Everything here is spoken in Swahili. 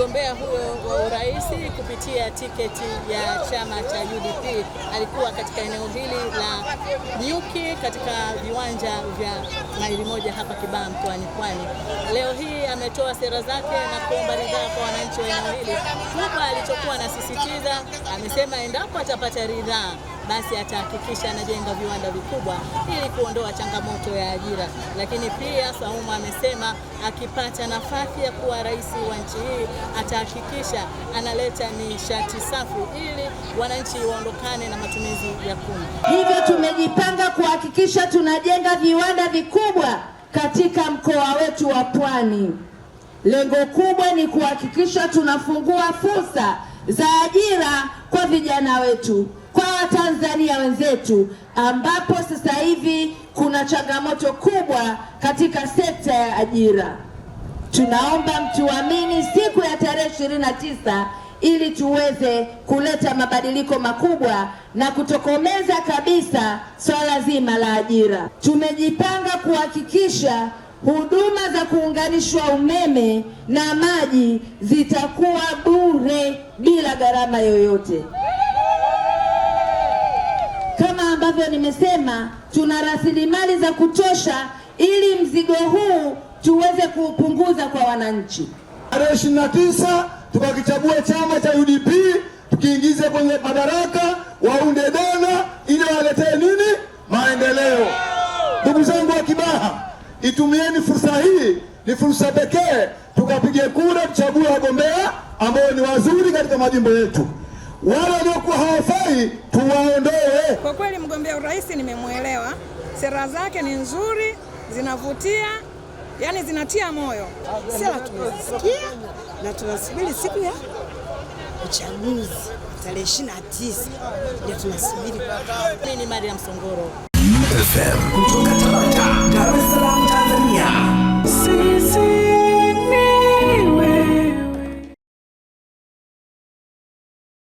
mgombea huyo wa urais kupitia tiketi ya chama cha UDP alikuwa katika eneo hili la Nyuki katika viwanja vya maili moja hapa Kibaha mkoani Pwani. Leo hii ametoa sera zake na kuomba ridhaa kwa wananchi wa eneo hili. Kubwa alichokuwa anasisitiza, amesema endapo atapata ridhaa basi atahakikisha anajenga viwanda vikubwa ili kuondoa changamoto ya ajira. Lakini pia Sauma amesema akipata nafasi ya kuwa rais wa nchi hii atahakikisha analeta nishati safi ili wananchi waondokane na matumizi ya kuni. Hivyo tumejipanga kuhakikisha tunajenga viwanda vikubwa katika mkoa wetu wa Pwani. Lengo kubwa ni kuhakikisha tunafungua fursa za ajira kwa vijana wetu tanzania wenzetu, ambapo sasa hivi kuna changamoto kubwa katika sekta ya ajira. Tunaomba mtuamini siku ya tarehe ishirini na tisa ili tuweze kuleta mabadiliko makubwa na kutokomeza kabisa swala zima la ajira. Tumejipanga kuhakikisha huduma za kuunganishwa umeme na maji zitakuwa bure bila gharama yoyote kama ambavyo nimesema, tuna rasilimali za kutosha ili mzigo huu tuweze kuupunguza kwa wananchi. Tarehe ishirini na tisa tukakichagua chama cha UDP tukiingize kwenye madaraka, waunde dola ili waletee nini maendeleo. Ndugu zangu wa Kibaha, itumieni fursa hii, ni fursa pekee, tukapige kura, tuchague wagombea ambao ni wazuri katika majimbo yetu wale waliokuwa hawafai tuwaondoe. Kwa kweli mgombea urais nimemwelewa, sera zake ni nzuri, zinavutia, yani zinatia moyo. Sera tumesikia na tunasubiri siku ya uchaguzi tarehe 29 ndio tunasubiri. Ni Mariam Songoro FM kutoka Tanzania.